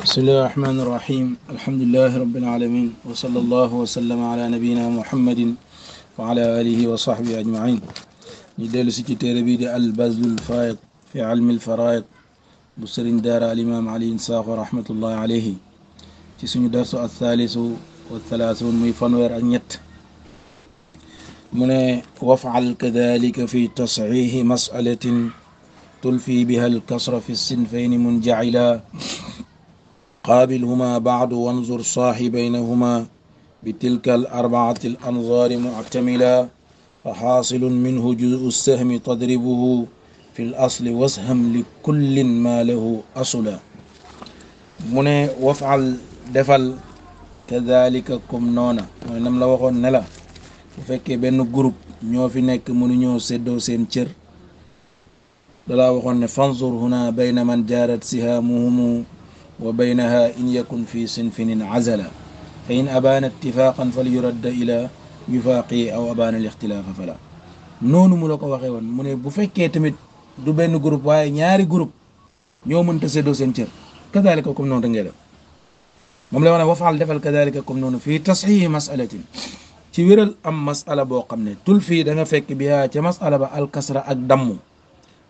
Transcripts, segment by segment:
بسم الله الرحمن الرحيم الحمد لله رب العالمين وصلى الله وسلم على نبينا محمد وعلى آله وصحبه أجمعين سيتي تيربي دي البذل الفائض في علم الفرائض بسرين دار الإمام علي إنساق رحمه الله عليه في تسني درس الثالث والثلاثون مي ميفان انيت من وفعل كذلك في تصحيح مسألة تلفي بها الكسر في الصنفين منجعلا قابلهما بعد وانظر صاحي بينهما بتلك الأربعة الأنظار معتملا فحاصل منه جزء السهم تضربه في الأصل واسهم لكل ما له أصلا من وفعل دفل كذلك كم نونا وإنما لو أقول نلا وفك بين جروب نيو في نك من نيو سدو سنتر لا فانظر هنا بين من جارت سهامهم وبينها إن يكن في صنف عزلا فإن أبان اتفاقا فليرد إلى yufaaqi aw abaana al ixtilaafa fala noonu mu la ko waxee woon mu ne bu fekkee tamit du benn groupe waaye ñaari groupe ñoo mënta séddoo seen cër kadalika comme noonu da ngay def moom la wax ne wafaal defal kadalika comme noonu fii tasxihi masalatin ci wéral am masala boo xam ne tul fii da nga fekk biyaa ca masala ba alkasra ak damm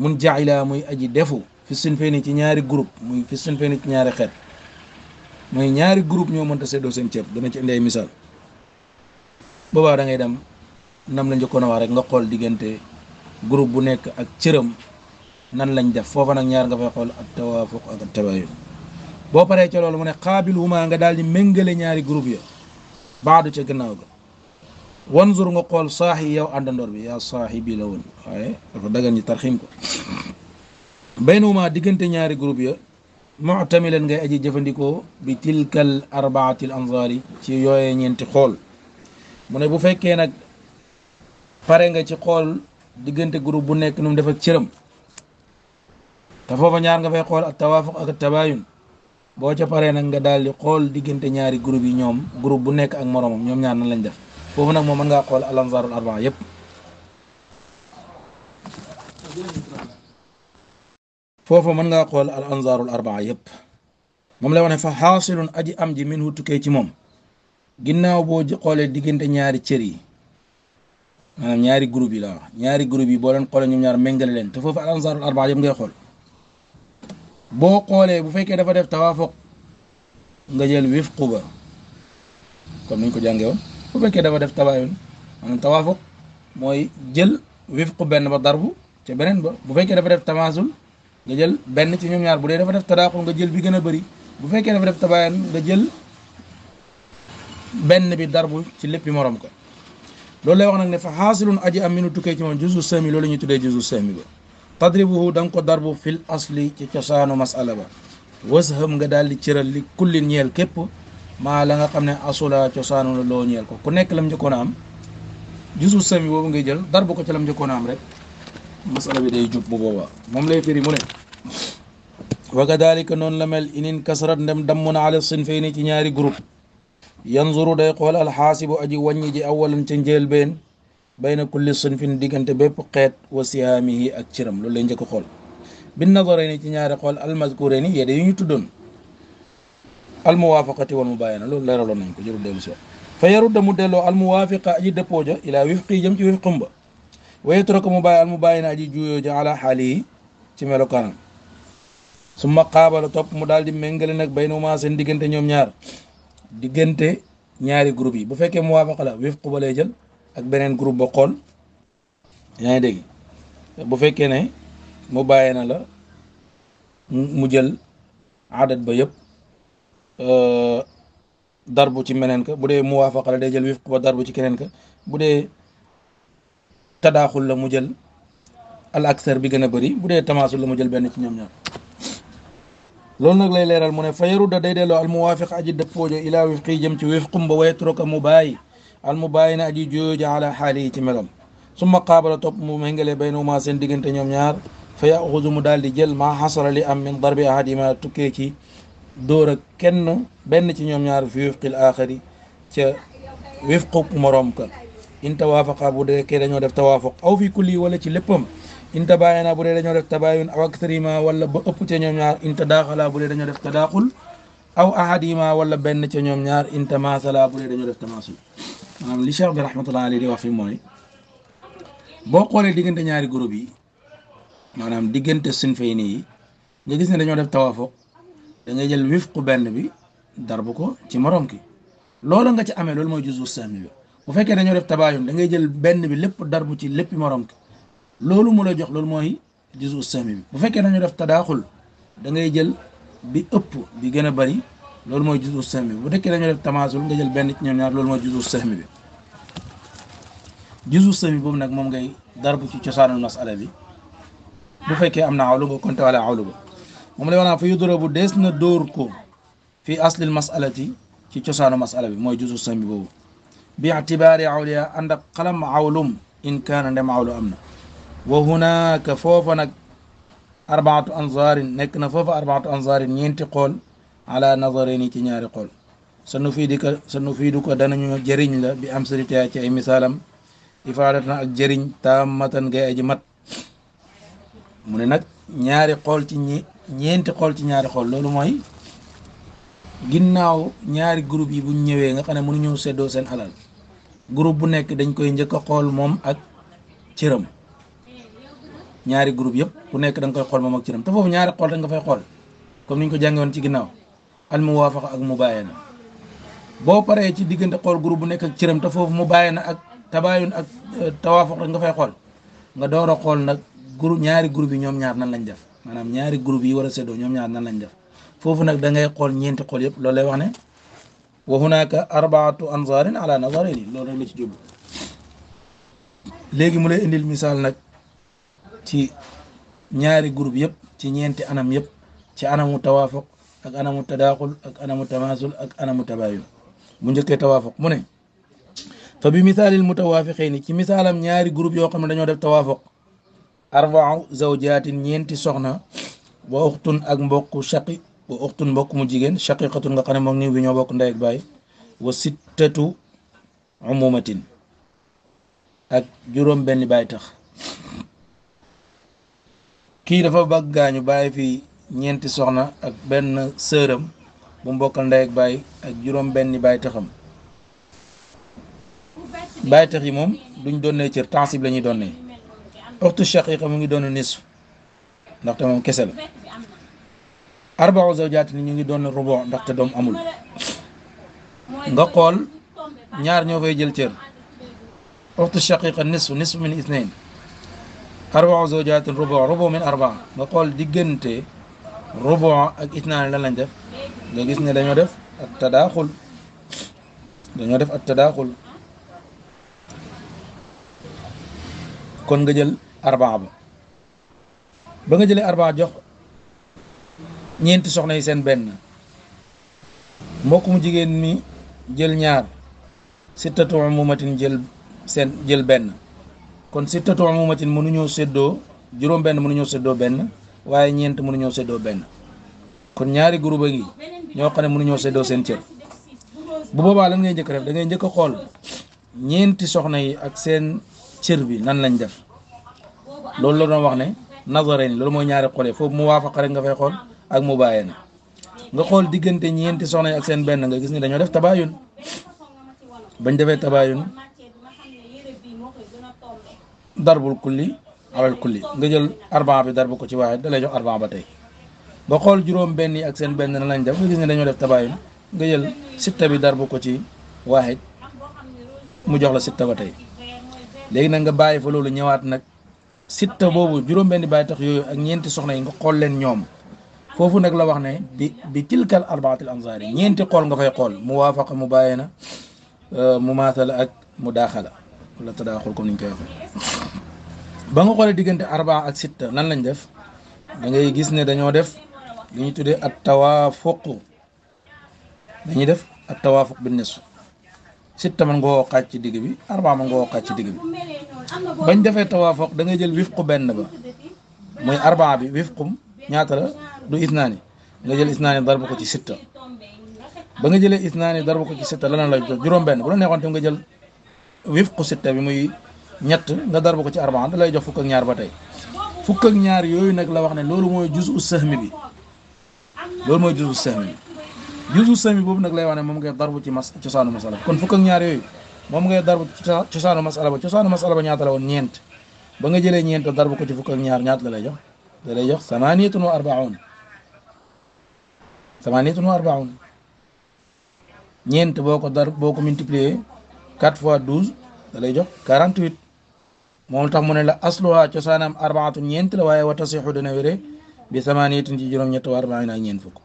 mun jaila muy aji defu fistin fee ni ci ñaari group mu fistin fee ni ci ñaari xeet mooy ñaari groupe ñoo mënta seddoo seen ceeb dana ci indi ay misaal boobaa da ngay dem nam la njëkkoon a wax rek nga xool diggante group bu nekk ak cëram nan lañ def foofa nag ñaar nga fay xool ak tawaafuq ak ak tabaayun boo paree ca loolu mu ne xaabil huma nga daal di méngale ñaari groupe ya baadu ca gannaaw ga wanzur nga xool saaxi yow àndandoor bi yaa saaxi bii la woon waaye dafa dagan ñi tarxiim ko baynahuma diggante ñaari groupe ya muctamilan ngay aji jëfandikoo bi tilkal arbaatil yi ci yooyee ñeenti xool mu ne bu fekkee nag pare nga ci xool diggante groupe bu nekk nu mu def ak cëram te foofa ñaar nga fay xool ak tawaafuq ak tabaayun boo ca paree nag nga daal di xool diggante ñaari groupe yi ñoom groupe bu nekk ak moromam ñoom ñaar nan lañ def foofu nag moom mën ngaa xool al anzaarul arbaa yépp foofa mën ngaa xool al anzaarul arbaa yëpp moom lay wax ne fa xaasilun aji am ji minhu tukkee ci moom ginnaaw boo xoolee diggante ñaari cër yi ñaari groupe yi la ñaari groupe yi boo leen xoolee ñoom ñaar méngale leen te foofu al anzaarul arbaa yëpp ngay xool boo xoolee bu fekkee dafa def tawaafuq nga jël wifqu ba kon nuñ ko jàngee bu fekkee dafa def tabaayun maanaam mooy jël wifqu benn ba darbu ca beneen ba bu fekkee dafa def tamaasul nga jël benn ci ñoom ñaar bu dee dafa def tadaaxul nga jël bi gën a bari bu fekkee dafa def tabayan nga jël benn bi darbu ci léppi moroom ko loolu lay wax nag ne fa xaasilun aji am minu tukkee ci moom juzu semi loolu ñu tuddee juzu semi ba tadribuhu da nga ko darbu fil asli ci cosaanu masala ba washam nga daal di cëral li kulli ñeel képp maa la nga xam ne asula cosaanu loo ñeel ko ku nekk la njëkkoon a am juzu semi boobu ngay jël darbu ko ci lam njëkkoon am rek masala bi day jub bu boobaa moom lay firi mu ne wa kadalika noonu la mel inin kasarat ndem damm na ala sinfayni ci ñaari groupe yanzuru day xool alxaasibu aji wàññi ji awalan ca njëlbeen bayna kulli sinfin diggante bépp xeet wa sihaamihi ak ciram loolu lay njëkk xool bin nadarayni ci ñaari xool almazkurayni yedde yu ñu tuddoon almuwaafaqati wal mubaayana loolu leeraloon nañ ko jëru dellu si fa yarudda mu delloo almuwaafiqa aji dëppoo ja ilaa wifqi jëm ci wifqam ba waye troka mu bàyyi al mu bàyyi na aji juyoo ji ala yi ci su ma qaabala topp mu daal di méngale nag baynuma seen diggante ñoom ñaar diggante ñaari groupe yi bu fekkee mu waafaqa la wifqu ba lay jël ak beneen group ba xool yaa ngi dégg bu fekkee ne mu bàyyi na la mu jël adat ba yépp dar euh, darbu ci meneen ka bu dee muwaafaqa la day jël wifqu ba darbu ci keneen ka bu dee التداخل لا مجال الأكثر بيجنا بري بدي تماس لا مجال بيني تنيام نيام لون نقل إلى المونة فيرود ديدا لو الموافق أجد فوج إلى وفق جم توفق بويترك مباي المباين أجي جوج على حاله تملم ثم قابل توب مهنجل بينه ما سندقن تنيام نيار فيأخذ مدال لجل ما حصل لأم من ضرب أحد ما تكيكي دور كنو بين تنيام نيار في وفق الآخر تي وفق مرامكم in tawaafaqa bu dekkee dañoo def tawaafuq aw fi kulli wala ci léppam in tabaayana bu dee dañoo def tabaayun aw aktarima wala ba ëpp ca ñoom ñaar in tadaaxala bu dee dañoo def tadaaxul aw ahadima wala benn ce ñoom ñaar in tamaasala bu dee dañoo def tamaasul maanaam li cheikh bi rahmatullah alayhi di wax fi mooy boo xoolee diggante ñaari groupe yi maanaam diggante sinfayni nii nga gis ne dañoo def tawaafuq da ngay jël wifqu benn bi bu ko ci morom ki loolu nga ci amee loolu mooy juzu saami bi bu fekkee dañoo def tabaayun da ngay jël benn bi lépp darbu ci lépp morom loolu mu la jox loolu mooy juzu sahmi bi bu fekkee dañoo def tadaaxul da ngay jël bi ëpp bi gën a bari loolu mooy juzu sahmi bi bu fekkee dañoo def tamaasul nga jël benn ci ñoom ñaar loolu mooy juzu sahmi boobu nag moom ngay darbu ci cosaanu masala bi bu fekkee am na awlu ba konte wala awlu ba moom lay wanaam fa bu dees nga dóor ko fii aslil masalati ci cosaanu masala bi mooy juzu sahmi boobu bi ictibaari awliya ànd ak xalam awlum in kaana ndem awlu am na wa hunaaka foofa nag arbaatu anzaarin nekk na foofa arbaatu anzaarin ñeenti xool ala nazarini ci ñaari xool sa nu fii di ko sa nu fii du ko danañu jëriñ la bi am saritea ci ay misaalam ifaadat na ak jëriñ taamatan gay aji mat mu ne nag ñaari xool ci ñi ñeenti xool ci ñaari xool loolu mooy ginnaaw ñaari groupe yi buñ ñëwee nga xam ne mënuñu seddoo seen alal groupe bu nekk dañ koy njëkk a xool moom ak cëram ñaari groupe yëpp ku nekk da koy xool moom ak cëram te foofu ñaari xool rek nga fay xool comme ni ñu ko jàngee ci ginnaaw al muwaafaqa ak mubaayana boo paree ci diggante xool groupe bu nekk ak te foofu mubaayana ak tabaayun ak euh, tawaafaq rek nga fay xool nga door a xool nag groupe ñaari groupe yi ñoom ñaar nan lañ def maanaam ñaari groupe yi war a séddoo ñoom ñaar nan lañ def foofu nag da ngay xool ñeenti xool yëpp loolu lay wax ne. wa hunaka arbaatu anzarin ala nazarini loolu rek la ci jublu mu lay indil misaal nag ci ñaari groupe yëpp ci ñeenti anam yëpp ci anamu tawaafuq ak anamu tadaaxul ak anamu tamaasul ak anamu tabaayun mu njëkkee tawaafuq mu ne fa bi misaalil mutawaafiqayni ci misaalam ñaari groupe yoo xam ne dañoo def tawaafuq arbau zawjaatin ñeenti soxna wa uxtun ak mbokku shaqi wa uxtun mbokk mu jigéen shaqiqatun nga xam ne moom niw bi ñoo bokk ndey ak baay wa sittatu umumatin ak juróom benn baay tax kii dafa bëgg gaañu bàyyi fii ñeenti soxna ak benn sëram bu mbokkal ndey ak ak juróom benn baay taxam baay tax yi moom duñ donnee cër tansib la ñuy donnee uxtu shaqiqa mu ngi doon nisf ndaxte moom kese arbau zawjaat ni ñu ngi doon na rubo te doom amul nga xool ñaar ñoo fay jël cër uxtu shaqiqa nisfu nisfu min isnain arbau zawjaatin rubo rubo min arba nga xool diggante rubo ak isnaani lan lañ def nga gis ne dañoo def at tadaaxul dañoo def at tadaaxul kon nga jël arbaa ba ba nga jëlee arbaa jox ñeenti soxna yi seen benn mbokk mu jigéen mi jël ñaar sittatu umumatin jël seen jël benn kon sittatu umumatin mënuñoo séddoo juróom benn mënuñoo séddoo benn waaye ñeent mënuñoo séddoo benn kon ñaari groupe ngi ñoo xam ne mënuñoo seddoo seen cër bu boobaa lan ngay njëkk def da ngay njëkk a xool ñeenti soxna yi ak seen cër bi nan lañ def loolu la doon wax ne nazareen loolu mooy ñaari xoolee foofu mu waafaqa rek nga fay xool ak mu na nga xool diggante ñeenti soxna yi ak seen benn nga gis ni dañoo def tabaayun bañ defee tabaayun darbul kulli alal kulli nga jël arbaa bi dar bu ko ci waaye da jox arbaa ba tey ba xool juróom benn yi ak seen benn na lañ def nga gis ni dañoo def tabaayun nga jël sitta bi darbu ko ci waaxit mu jox la sitta ba tey léegi nag nga bàyyi fa loolu ñëwaat nag sitta boobu juróom benn bàyyi tax yooyu ak ñeenti soxna yi nga xool leen ñoom foofu nag la wax ne bi bi tilkal arbaatil anzaar yi ñeenti xool nga fay xool muwaafaqa mu bàyyee na mu maasala ak mu daaxala wala tadaaxul comme niñ koy waxee ba nga xolé diggante arbaa ak sitta nan lañ def da ngay gis ne dañoo def li ñu tuddee at tawafuq dañuy def at tawafuq bin nesu sitta man nga xacc xaaj ci digg bi arba man nga xacc xaaj ci digg bi bañ defé tawafuq da ngay jël wifqu ben ba moy arba bi wifqum ñaata la du isnaani nga jël isnaani darb ko ci sitta ba nga jëlee isnaani darb ko ci sitta lanen la juróom-benn bu la neexoon tam nga jël wifqu sitta bi muy ñett nga darb ko ci arbaan da lay jox fukk ak ñaar ba tey fukk ak ñaar yooyu nag la wax ne loolu mooy juzu sahmi bi loolu mooy juzu sahmi bi juzu sahmi boobu nag lay wax ne moom ngay darbu ci mas cosaanu masala kon fukk ak ñaar yooyu moom ngay darbu ci cosaanu masala ba cosaanu masala ba ñaata la woon ñeent ba nga jëlee ñeent darbu ko ci fukk ak ñaar ñaata la lay jox da jox samaniyatun wa arbaun samaniyatun wa ñeent boo ko dar boo ko multiplier quatre fois douze da lay jox quarante huit moom tax mu ne la asluha cosaanam arbaatun ñeent la waaye wa tasixu dana wére bi samaniyatin ci juróom-ñett wa arbain ak ñeent fukk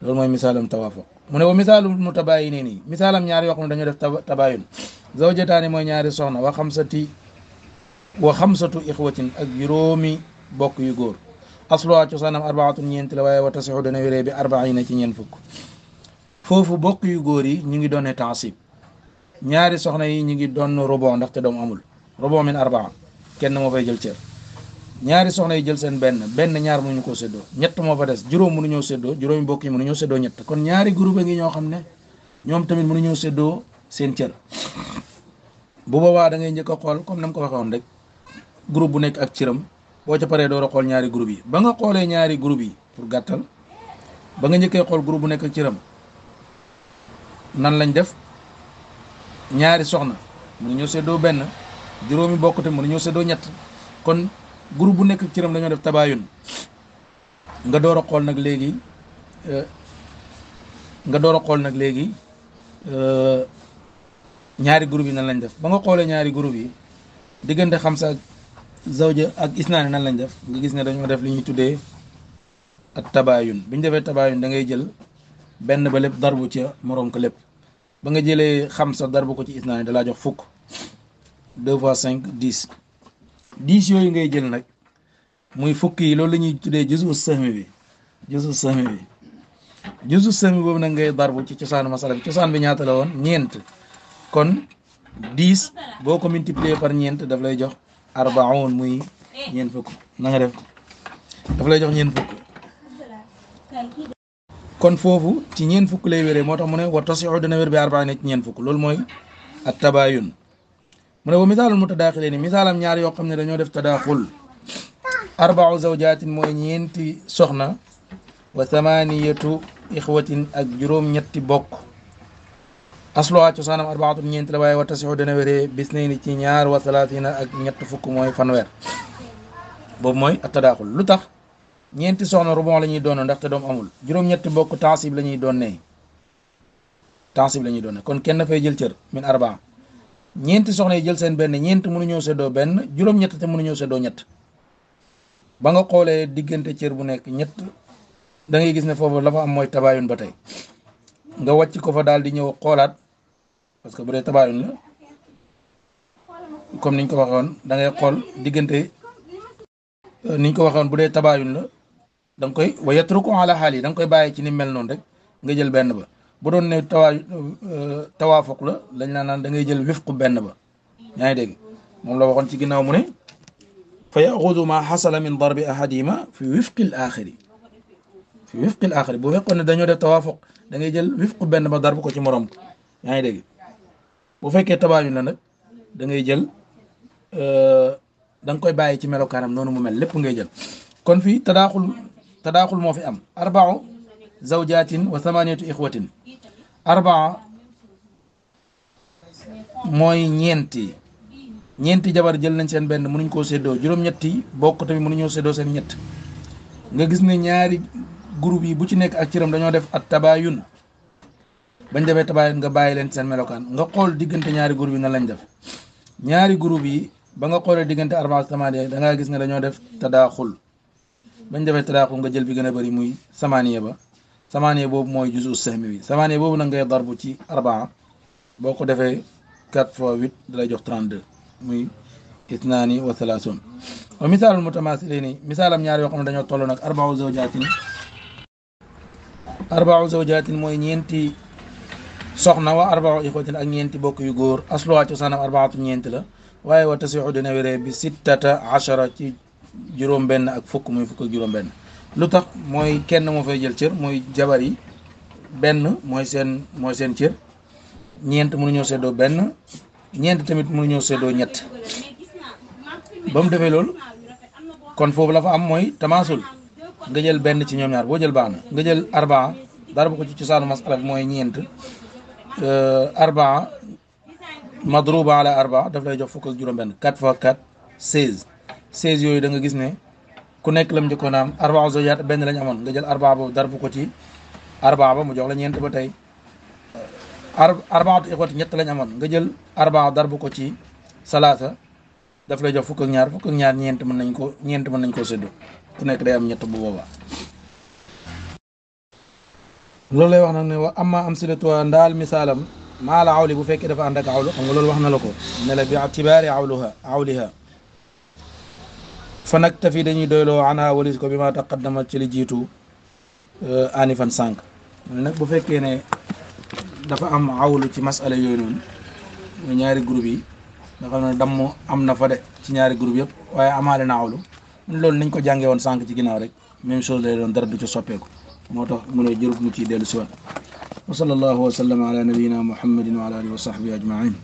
loolu mooy misaalam tawaafo mu ne wa misaalu mutabaayinee nii misaalam ñaari yoo xam ne dañoo def tabaayun zawjataani mooy ñaari soxna wa xamsati wa xamsatu ixwatin ak juróomi bokk yu góor asluwaa cosaanam arbaatun ñeent la waaye wa tasixu dana wéree bi arbaina ci ñeent fukk foofu bokk yu góor yi ñu ngi doone tansib ñaari soxna yi ñu ngi doon robon ndaxte doom amul robon min arbaa kenn moo fa jël cër ñaari soxna yi jël seen benn benn ñaar ñu koo seddoo ñett moo fa des juróom mënuñoo séddoo juróomi bokk yi mënuñoo séddoo ñett kon ñaari groupe ngi ñoo xam ne ñoom tamit mënuñoo séddoo seen cër bu boobaa da ngay njëkk a xool comme na mu ko waxee woon rek groupe bu nekk ak cëram bo ci paré do a xol ñaari groupe yi ba nga xolé ñaari groupe yi pour gattal ba nga ñëkke xol groupe bu nekk ci ram nan lañ def ñaari soxna mënu ñoo seddoo benn juróomi bokkute mënu ñoo seddoo ñett kon groupe bu nekk ci ram dañu def tabayun nga door xol nak légui euh nga door xol nak légui euh ñaari groupe yi nan lañ def ba nga xolé ñaari groupe yi digënde xam zawja ak isnaani nan lañ def nga gis ne dañoo def li ñuy tuddee ak tabaayun bi ñu defee tabaayun da ngay jël benn ba lépp darbu ca moroom ko lépp ba nga jëlee xam sa darbu ko ci isnaani dalaa jox fukk deux fois cinq dix dix yooyu ngay jël nag muy fukki yi loolu la ñuy tuddee juzu sahmi bi juzu sahmi bi juzu sahmi boobu nag ngay darbu ci cosaanu masala bi cosaan bi ñaata la woon ñeent kon dix boo ko multiplier par ñeent daf lay jox arbaun muy ñeent fukk na nga def daf lay jox ñeent fukk kon foofu ci ñeent fukk lay wéree moo tax mu ne wa tasixu dana wér bi arbaun ci ñeent fukk loolu mooy ak tabayun mu ne wa misaalul mutadaaxilee ni misaalam ñaar yoo xam ne dañoo def tadaaxul arbau zawjaatin mooy ñeenti soxna wa yetu ixwatin ak juróom-ñetti bokk asluwaa cosaanam arbaatun ñeent la waaye wa tasixu dana wéree bis nay ni ci ñaar wa salaatina ak ñett fukk mooy fanweer boobu mooy attadaaxul lu tax ñeenti soxna rubon la ñuy doon ndaxte doom amul juróom-ñetti mbokk tansib la ñuy doon ne tansib la doon ne kon kenn dafay jël cër min arbaa ñeenti soxna yi jël seen benn ñeent mënuñoo séddoo benn juróom-ñett te mënuñoo séddoo ñett ba nga xoolee diggante cër bu nekk ñett dangay gis ne foofu la am mooy tabaayun ba tey nga wacc ko fa daal di ñëw xoolaat. parce que bu dee tabaarun la comme niñ ko waxoon da ngay xool diggante niñ ko waxoon bu dee tabaarun la da nga koy wa yatruku ala xaal yi da nga koy bàyyi ci ni mel noonu rek nga jël benn ba bu doon ne tawaa tawaafuq la lañ laa naan da ngay jël wifqu benn ba yaa ngi dégg moom la waxoon ci ginnaaw mu ne fa yaxudu ma xasala min darbi ahadihima fi wifqi l axiri fi wifqi l axiri bu fekkoon ne dañoo def tawaafuq da ngay jël wifqu benn ba darbu ko ci morom yaa ngi dégg bu fekkee tabaañu na nag da ngay jël euh, da nga koy bàyyi ci melokaanam noonu mu mel lépp ngay jël kon fii tadaaxul tadaaxul moo fi am arbao zawjatin wa samaniyatu ixwatin arbaa mooy ñeenti ñeenti jabar jël nañ seen benn mënuñ koo seddoo juróom-ñetti bokk tamit mënuñoo seddoo seen ñett nga gis ne ñaari group yi bu ci nekk ak ciram dañoo def at tabaayun bañ demee tabaayut nga bàyyi leen seen melokaan nga xool diggante ñaari groupe yi na lañ def ñaari groupe yi ba nga xoolee diggante arbaas samaaniya da ngaa gis ne dañoo def tadaaxul bañ defee tadaaxul nga jël bi gën a bari muy samaaniya ba samaaniya boobu mooy juzu sahmi bi samaaniya boobu nag ngay darbu ci arbaa boo ko defee 4 fois 8 dalay jox 32 muy isnaani wa salaasun wa misaalul mutamaasilayni misaalam ñaar yoo xam ne dañoo toll nag arbau zawjaatin arbau zawjaatin mooy ñeenti soxna wa arbaa ixwatin ak ñeenti bokk yu góor asluwaa cosaanam arbaatu ñeenti la waaye wa tasixu dina wéree bi sittata achara ci juróom-benn ak fukk muy fukk ak juróom-benn lu tax mooy kenn moo fay jël cër mooy jabar yi benn mooy seen mooy seen cër ñeent mënuñoo seddoo benn ñeent tamit ñëw seddoo ñett ba mu defee loolu kon foofu la fa am mooy tamaasul nga jël benn ci ñoom ñaar boo jël baax na nga jël arbaa dara bu ko ci cosaanu ñeent Euh, arbaa madruba ala arbaa daf lay jox fukk ak juróom-benn quatre fois quatre seize seize yooyu da nga gis ne ku nekk lam njëkkoon am arbaa zawjaat benn lañ amoon nga jël arbaa boobu darbu ko ci arbaa ba mu jox la ñeent ba tey euh, arbaatu ixwati ñett lañ amoon nga jël arbaa darbu ko ci salaasa daf lay jox fukk ñaar fukk ñaar ñeent mën nañ ko ñeent mën nañ koo séddu ku nekk day am ñett bu booba loolu lay wax na ne wa amma am silatuwa ndaal misaalam maa la awli bu fekkee dafa ànd ak awlu xam nga loolu wax na la ko ne la bi ictibaari awluha awliha fa nag tafi dañuy doyloo ana walis ko bi ma taqaddama ci li jiitu euh, anifan sànq nag bu fekkee ne dafa am awlu ci masala yooyu noonu muy ñaari groupe yi nga xam am na fa ci ñaari groupe yëpp waaye amaale na awlu loolu niñ ko jàngee woon sànq ci ginnaaw rek même chose lay doon dara du ci soppeeku موتاخ مونے جيرب موتي دلسوان وصلى الله وسلم على نبينا محمد وعلى اله وصحبه اجمعين